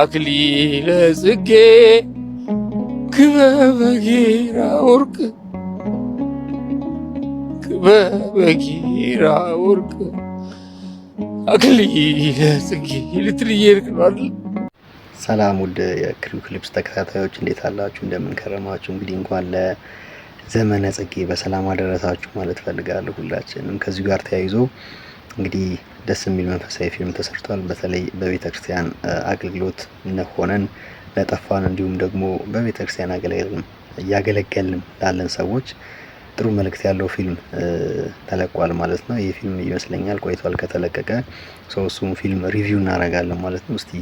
አክሊለ ጽጌ ክበበ ጊራ ወርቅ ክበበ ጊራ ወርቅ አክሊለ ጽጌ ልትል እየሄድክ ሰላም ውድ የክሪው ክሊፕስ ተከታታዮች እንዴት አላችሁ? እንደምንከረማችሁ። እንግዲህ እንኳን ለዘመነ ጽጌ በሰላም አደረሳችሁ ማለት ፈልጋለሁ። ሁላችንም ከዚሁ ጋር ተያይዞ እንግዲህ ደስ የሚል መንፈሳዊ ፊልም ተሰርቷል። በተለይ በቤተክርስቲያን አገልግሎት ነሆነን ለጠፋን እንዲሁም ደግሞ በቤተክርስቲያን አገልግልም እያገለገልን ላለን ሰዎች ጥሩ መልእክት ያለው ፊልም ተለቋል ማለት ነው። ይህ ፊልም ይመስለኛል ቆይቷል ከተለቀቀ። ሰው እሱም ፊልም ሪቪው እናደርጋለን ማለት ነው። እስቲ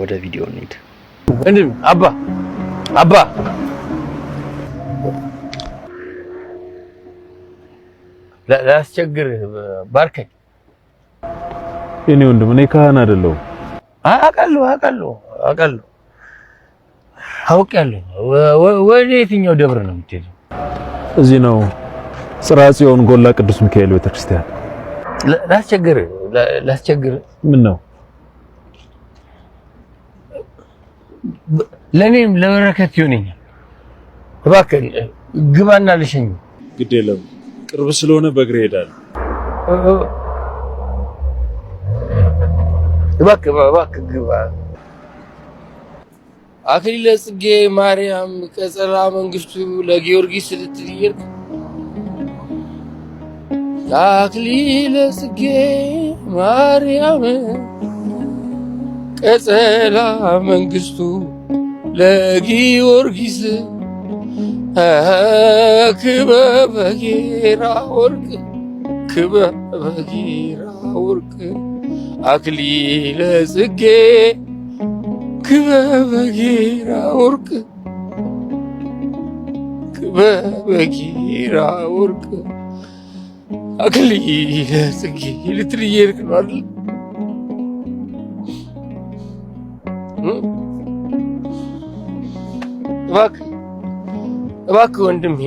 ወደ ቪዲዮ እንሂድ። ወንድም አባ አባ ላስቸግርህ፣ ባርከኝ የኔ ወንድም እኔ ካህን አይደለሁም። አውቃለሁ አውቃለሁ አውቃለሁ አውቃለሁ። ወደ የትኛው ደብር ነው የምትሄደው? እዚህ ነው ጽርሐ ጽዮን ጎላ ቅዱስ ሚካኤል ቤተክርስቲያን። ላስቸግር ላስቸግር። ምን ነው ለእኔም ለበረከት ይሆነኛል። እባክህ ግባና ልሸኝ። ግድ የለም ቅርብ ስለሆነ በእግሬ እሄዳለሁ። እባክህ እባክህ ግባ። አክሊለ ጽጌ ማርያም ቀጸላ መንግስቱ ለጊዮርጊስ አክሊለ ጽጌ ማርያም ቀጸላ መንግስቱ ለጊዮርጊስ ክበበጌራ ወርቅ ክበበጌራ ወርቅ አክሊለ ጽጌ ክበበ ጊራ ወርቅ ክበበ ጊራ ወርቅ አክሊለ ጽጌ ልትል እየሄድክ ነው አይደል? እባክህ እባክህ ወንድሜ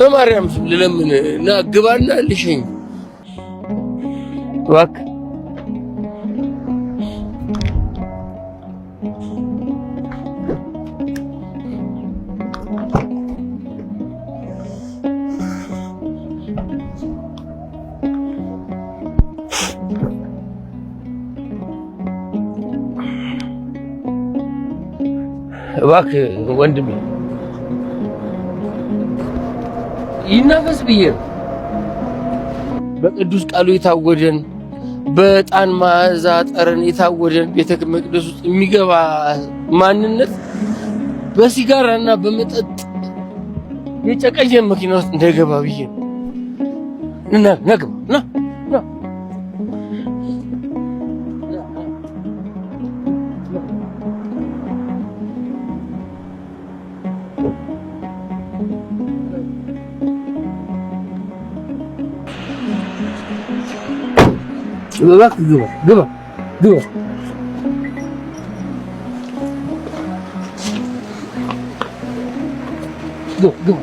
በማርያም ልለምን እና ግባና ልሸኝ እባክህ እባክህ ወንድሜ ይናፈስ ብዬ በቅዱስ ቃሉ የታወጀን በዕጣን መዓዛ ጠረን የታወደን ቤተ መቅደስ ውስጥ የሚገባ ማንነት በሲጋራ በሲጋራና በመጠጥ የጨቀየ መኪና ውስጥ እንደገባ ብዬ ነው። ና ግባ ና Şurada bak dizi var. Dizi var. Dizi var. Dur, dur.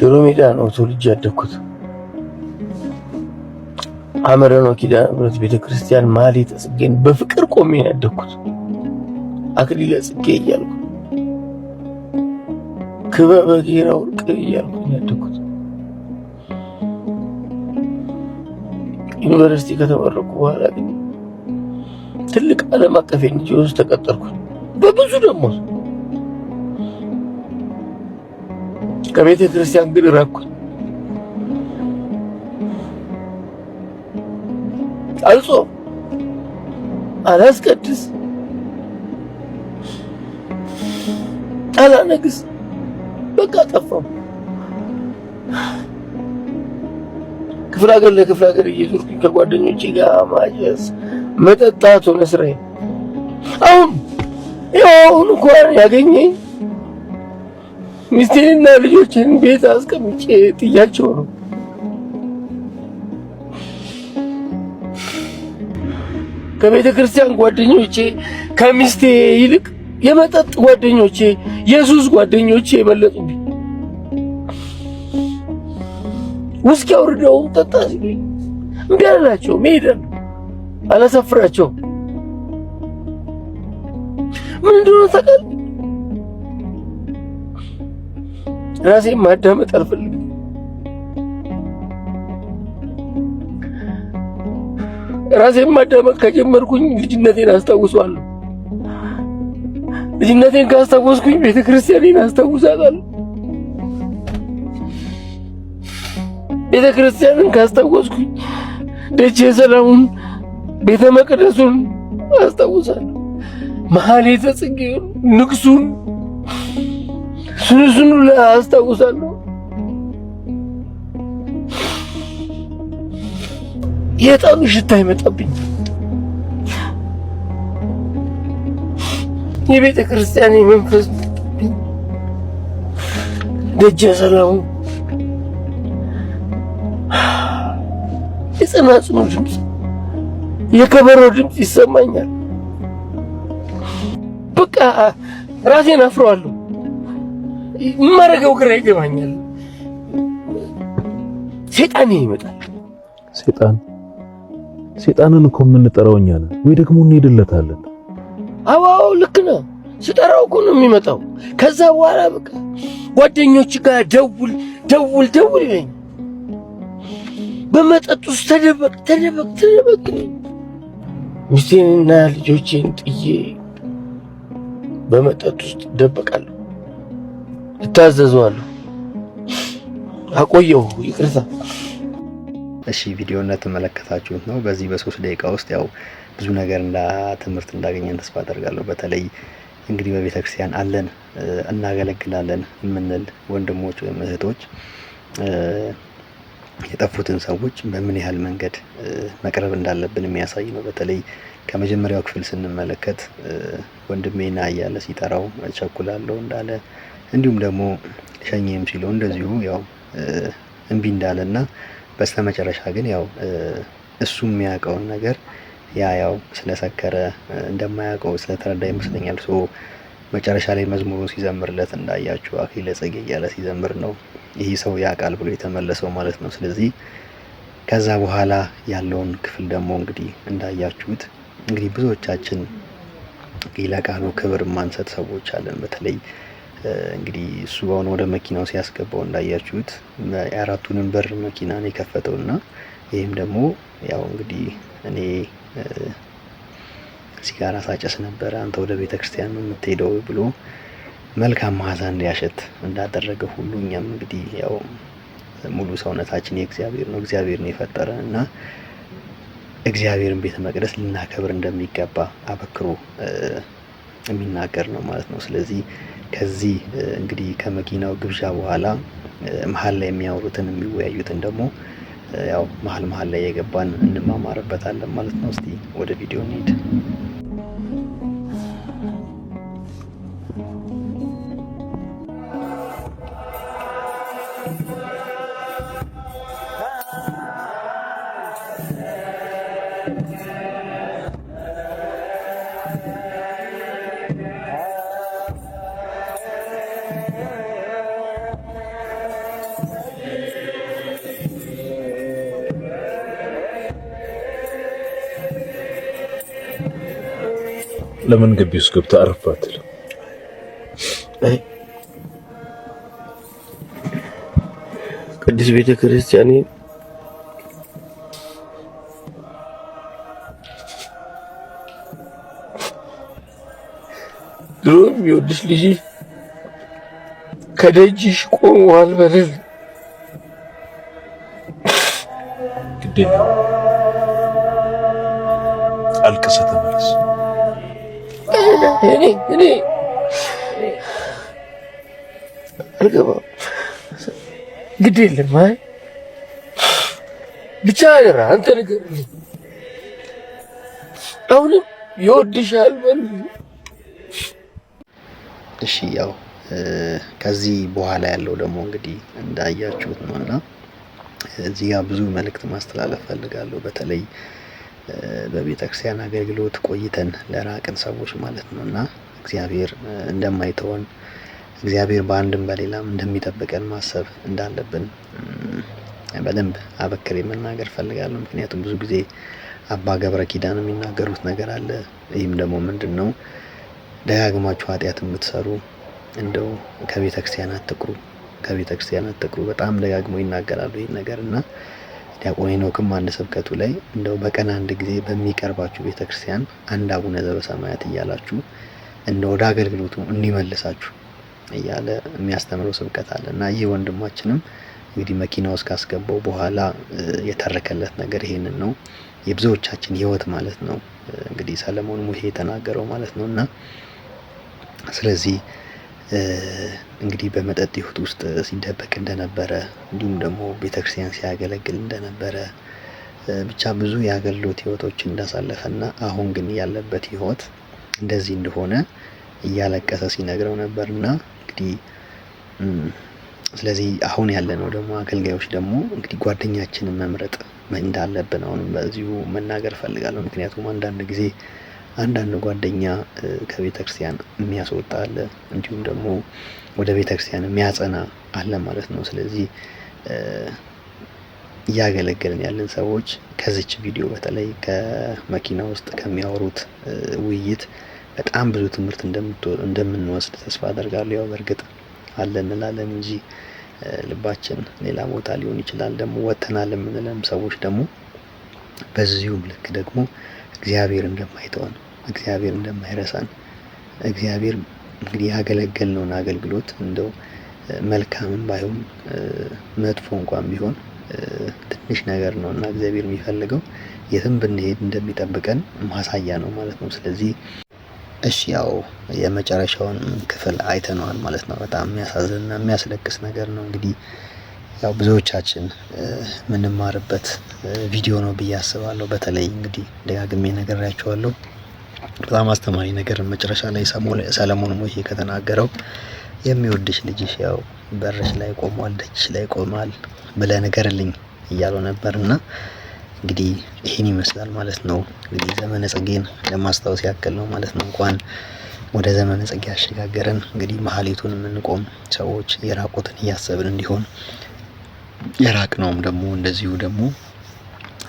شروع میدن اصول جاده کد عمران و کده بیت کریستیان مالی تسگین بفکر قومی هده کد አክሊለ ጽጌ እያልኩ ክበበ ጌራ ወርቅ እያልኩ ያደኩት ዩኒቨርሲቲ ከተመረቁ በኋላ ግን ትልቅ ዓለም አቀፍ ኤንጂ ውስጥ ተቀጠርኩ። በብዙ ደግሞ ከቤተ ክርስቲያን ግን ራቅኩ። አልጾም፣ አላስቀድስ ጣላ ነግስ በቃ ጠፋሁ። ክፍለ ሀገር ለክፍለ ሀገር እየዞርኩኝ ከጓደኞቼ ጋር ማጨስ፣ መጠጣት ሆነ ስራዬ። አሁን ይኸው እንኳን ያገኘኝ ሚስቴንና ልጆችን ቤት አስቀምጬ ጥያቸው ነው። ከቤተ ክርስቲያን ጓደኞቼ ከሚስቴ ይልቅ የመጠጥ ጓደኞቼ፣ የሱስ ጓደኞቼ የበለጡብኝ። ውስኪ አውርደውም ጠጣ ሲሉኝ እምቢ አላቸው። መሄደን አላሳፍራቸው። ምን እንደሆነ ታውቃለህ? ራሴን ማዳመጥ አልፈልግም። ራሴን ማዳመጥ ከጀመርኩኝ ልጅነቴን አስታውሰዋለሁ። ልጅነቴን ካስታወስኩኝ ቤተ ክርስቲያኔን አስታውሳታለሁ። ቤተ ክርስቲያንን ካስታወስኩኝ ደጀ ሰላሙን፣ ቤተ መቅደሱን አስታውሳለሁ። መሐሌተ ጽጌውን፣ ንግሱን፣ ሱንሱኑ አስታውሳለሁ። የጣኑ ሽታ ይመጣብኝ የቤተ ክርስቲያን የመንፈስ ደጀ ሰላሙ የጸናጽኑ ድምፅ የከበሮ ድምፅ ይሰማኛል። በቃ ራሴን አፍረዋለሁ። የማደርገው ግራ ይገባኛል። ሴጣን ይመጣል። ሴጣን ሴጣንን እኮ የምንጠራው እኛ ነን ወይ ደግሞ እንሄድለታለን። አዋው ልክ ነው። ስጠራው እኮ ነው የሚመጣው። ከዛ በኋላ በቃ ጓደኞች ጋር ደውል ደውል ደውል ይለኝ። በመጠጥ ውስጥ ተደበቅ ተደበቅ ተደበቅ። ሚስቴንና ልጆቼን ጥዬ በመጠጥ ውስጥ እደበቃለሁ፣ እታዘዘዋለሁ። አቆየው ይቅርታ እሺ ቪዲዮ እንደተመለከታችሁት ነው። በዚህ በሶስት ደቂቃ ውስጥ ያው ብዙ ነገር እንዳ ትምህርት እንዳገኘን ተስፋ አደርጋለሁ። በተለይ እንግዲህ በቤተ ክርስቲያን አለን እናገለግላለን የምንል ወንድሞች ወይም እህቶች የጠፉትን ሰዎች በምን ያህል መንገድ መቅረብ እንዳለብን የሚያሳይ ነው። በተለይ ከመጀመሪያው ክፍል ስንመለከት ወንድሜ ና እያለ ሲጠራው ቸኩላለሁ እንዳለ እንዲሁም ደግሞ ሸኝም ሲለው እንደዚሁ ያው እምቢ እንዳለና በስተመጨረሻ ግን ያው እሱ የሚያውቀውን ነገር ያ ያው ስለሰከረ እንደማያውቀው ስለተረዳ ይመስለኛል። መጨረሻ ላይ መዝሙሩን ሲዘምርለት እንዳያችሁ አክሊለ ጽጌ እያለ ሲዘምር ነው ይህ ሰው ያውቃል ብሎ የተመለሰው ማለት ነው። ስለዚህ ከዛ በኋላ ያለውን ክፍል ደግሞ እንግዲህ እንዳያችሁት እንግዲህ ብዙዎቻችን ለቃሉ ክብር ማንሰጥ ሰዎች አለን በተለይ እንግዲህ እሱ አሁን ወደ መኪናው ሲያስገባው እንዳያችሁት የአራቱንም በር መኪና ነው የከፈተው እና ይህም ደግሞ ያው እንግዲህ እኔ ሲጋራ ሳጨስ ነበረ አንተ ወደ ቤተ ክርስቲያን ነው የምትሄደው ብሎ መልካም መዓዛ እንዲያሸት እንዳደረገ ሁሉ እኛም እንግዲህ ያው ሙሉ ሰውነታችን የእግዚአብሔር ነው፣ እግዚአብሔር ነው የፈጠረ እና እግዚአብሔርን ቤተ መቅደስ ልናከብር እንደሚገባ አበክሮ የሚናገር ነው ማለት ነው። ስለዚህ ከዚህ እንግዲህ ከመኪናው ግብዣ በኋላ መሀል ላይ የሚያወሩትን የሚወያዩትን ደግሞ ያው መሀል መሀል ላይ የገባን እንማማርበታለን ማለት ነው። እስቲ ወደ ቪዲዮ እንሂድ። ለምን ግቢ ውስጥ ገብተህ አረፍ አትልም? ቅድስት ቤተ ክርስቲያን ድሮም የወድሽ ልጅ ከደጅሽ ቆሟል በልል ግዴ አልቅሰተ እኔ አልገባም። ግድ የለም አይ ብቻ አይደራ አንተ ነገር አሁንም ይወድሻል በል እሺ። ያው ከዚህ በኋላ ያለው ደግሞ እንግዲህ እንዳያችሁት ነውና እዚህ ጋር ብዙ መልእክት ማስተላለፍ ፈልጋለሁ በተለይ በቤተክርስቲያን አገልግሎት ቆይተን ለራቅን ሰዎች ማለት ነው እና እግዚአብሔር እንደማይተወን እግዚአብሔር በአንድም በሌላም እንደሚጠብቀን ማሰብ እንዳለብን በደንብ አበክሬ መናገር ፈልጋለሁ ምክንያቱም ብዙ ጊዜ አባ ገብረ ኪዳን የሚናገሩት ነገር አለ። ይህም ደግሞ ምንድን ነው? ደጋግማችሁ ኃጢአት የምትሰሩ እንደው ከቤተ ክርስቲያን አትቅሩ፣ ከቤተ ክርስቲያን አትቅሩ። በጣም ደጋግሞ ይናገራሉ ይህን ነገር እና ዲያቆን ሄኖክም አንድ ስብከቱ ላይ እንደው በቀን አንድ ጊዜ በሚቀርባችሁ ቤተክርስቲያን አንድ አቡነ ዘበሰማያት እያላችሁ እንደ ወደ አገልግሎቱ እንዲመልሳችሁ እያለ የሚያስተምረው ስብከት አለ እና ይህ ወንድማችንም እንግዲህ መኪና ውስጥ ካስገባው በኋላ የተረከለት ነገር ይሄንን ነው። የብዙዎቻችን ህይወት ማለት ነው እንግዲህ ሰለሞን ሙሄ የተናገረው ማለት ነው እና ስለዚህ እንግዲህ በመጠጥ ህይወት ውስጥ ሲደበቅ እንደነበረ እንዲሁም ደግሞ ቤተክርስቲያን ሲያገለግል እንደነበረ ብቻ ብዙ የአገልግሎት ህይወቶችን እንዳሳለፈና አሁን ግን ያለበት ህይወት እንደዚህ እንደሆነ እያለቀሰ ሲነግረው ነበርና እንግዲህ ስለዚህ አሁን ነው ደግሞ አገልጋዮች ደግሞ እንግዲህ ጓደኛችንን መምረጥ እንዳለብን አሁንም በዚሁ መናገር ፈልጋለሁ ምክንያቱም አንዳንድ ጊዜ አንዳንድ ጓደኛ ከቤተ ክርስቲያን የሚያስወጣ አለ እንዲሁም ደግሞ ወደ ቤተ ክርስቲያን የሚያጸና አለ ማለት ነው። ስለዚህ እያገለገልን ያለን ሰዎች ከዚች ቪዲዮ በተለይ ከመኪና ውስጥ ከሚያወሩት ውይይት በጣም ብዙ ትምህርት እንደምንወስድ ተስፋ አደርጋለሁ። ያው በእርግጥ አለ እንላለን እንጂ ልባችን ሌላ ቦታ ሊሆን ይችላል። ደግሞ ወተናል የምንለም ሰዎች ደግሞ በዚሁም ልክ ደግሞ እግዚአብሔር እንደማይተወን እግዚአብሔር እንደማይረሳን እግዚአብሔር እንግዲህ ያገለገልነውን አገልግሎት እንደው መልካምም ባይሆን መጥፎ እንኳን ቢሆን ትንሽ ነገር ነው እና እግዚአብሔር የሚፈልገው የትም ብንሄድ እንደሚጠብቀን ማሳያ ነው ማለት ነው። ስለዚህ እሺ ያው የመጨረሻውን ክፍል አይተነዋል ማለት ነው። በጣም የሚያሳዝንና የሚያስለቅስ ነገር ነው። እንግዲህ ያው ብዙዎቻችን የምንማርበት ቪዲዮ ነው ብዬ አስባለሁ። በተለይ እንግዲህ ደጋግሜ ያቸዋለሁ በጣም አስተማሪ ነገር መጨረሻ ላይ ሰለሞን ሞዬ ከተናገረው የሚወድሽ ልጅሽ ያው በርሽ ላይ ቆሟል፣ ደጅሽ ላይ ቆሟል ብለህ ንገርልኝ እያለው ነበር እና እንግዲህ ይህን ይመስላል ማለት ነው። እንግዲህ ዘመነ ጽጌን ለማስታወስ ያክል ነው ማለት ነው። እንኳን ወደ ዘመነ ጽጌ ያሸጋገረን። እንግዲህ መሀሌቱን የምንቆም ሰዎች የራቁትን እያሰብን እንዲሆን የራቅ ነውም ደግሞ እንደዚሁ ደግሞ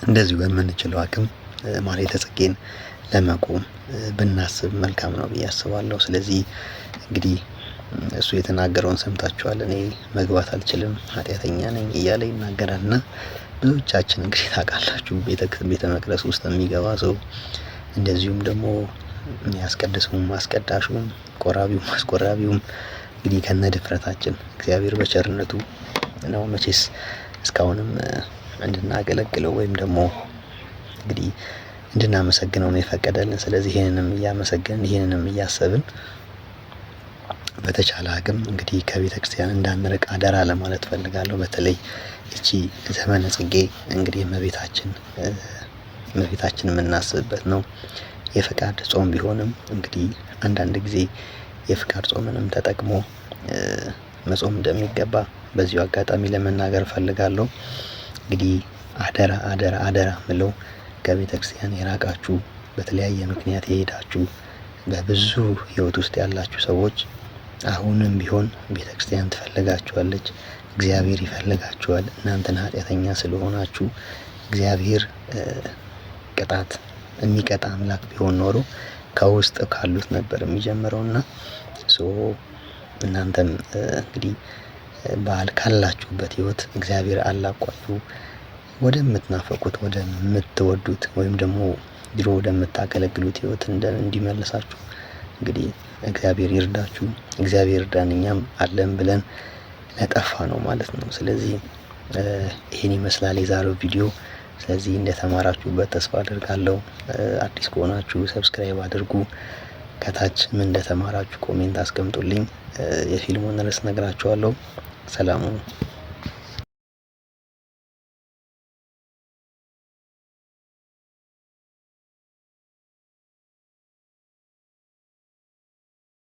እንደዚሁ በምንችለው አቅም ማለት ጽጌን ለመቆም ብናስብ መልካም ነው ብዬ አስባለሁ። ስለዚህ እንግዲህ እሱ የተናገረውን ሰምታችኋል እኔ መግባት አልችልም ኃጢአተኛ ነኝ እያለ ይናገራል። እና ብዙዎቻችን እንግዲህ ታውቃላችሁ ቤተ መቅደስ ውስጥ የሚገባ ሰው እንደዚሁም ደግሞ ያስቀድሰውም አስቀዳሹም ቆራቢውም አስቆራቢውም እንግዲህ ከነ ድፍረታችን እግዚአብሔር በቸርነቱ ነው መቼስ እስካሁንም እንድናገለግለው ወይም ደግሞ እንግዲህ እንድናመሰግነው ነው የፈቀደልን። ስለዚህ ይህንንም እያመሰገንን ይህንንም እያሰብን በተቻለ አቅም እንግዲህ ከቤተ ክርስቲያን እንዳንርቅ አደራ ለማለት ፈልጋለሁ። በተለይ እቺ ዘመነ ጽጌ እንግዲህ እመቤታችን እመቤታችን የምናስብበት ነው። የፍቃድ ጾም ቢሆንም እንግዲህ አንዳንድ ጊዜ የፍቃድ ጾምንም ተጠቅሞ መጾም እንደሚገባ በዚሁ አጋጣሚ ለመናገር ፈልጋለሁ። እንግዲህ አደራ አደራ አደራ ምለው ከቤተ ክርስቲያን የራቃችሁ በተለያየ ምክንያት የሄዳችሁ በብዙ ህይወት ውስጥ ያላችሁ ሰዎች አሁንም ቢሆን ቤተ ክርስቲያን ትፈልጋችኋለች። እግዚአብሔር ይፈልጋችኋል። እናንተን ኃጢአተኛ ስለሆናችሁ እግዚአብሔር ቅጣት የሚቀጣ አምላክ ቢሆን ኖሮ ከውስጥ ካሉት ነበር የሚጀምረውና ሶ እናንተም እንግዲህ በዓል ካላችሁበት ህይወት እግዚአብሔር አላቋችሁ ወደምትናፈቁት ወደምትወዱት ወይም ደግሞ ድሮ ወደምታገለግሉት ህይወት እንዲመልሳችሁ እንግዲህ እግዚአብሔር ይርዳችሁ። እግዚአብሔር እርዳን እኛም አለን ብለን ለጠፋ ነው ማለት ነው። ስለዚህ ይሄን ይመስላል የዛሬው ቪዲዮ። ስለዚህ እንደተማራችሁበት ተስፋ አድርጋለሁ። አዲስ ከሆናችሁ ሰብስክራይብ አድርጉ። ከታች ምን እንደተማራችሁ ኮሜንት አስቀምጡልኝ። የፊልሙን ርዕስ ነግራችኋለሁ። ሰላሙ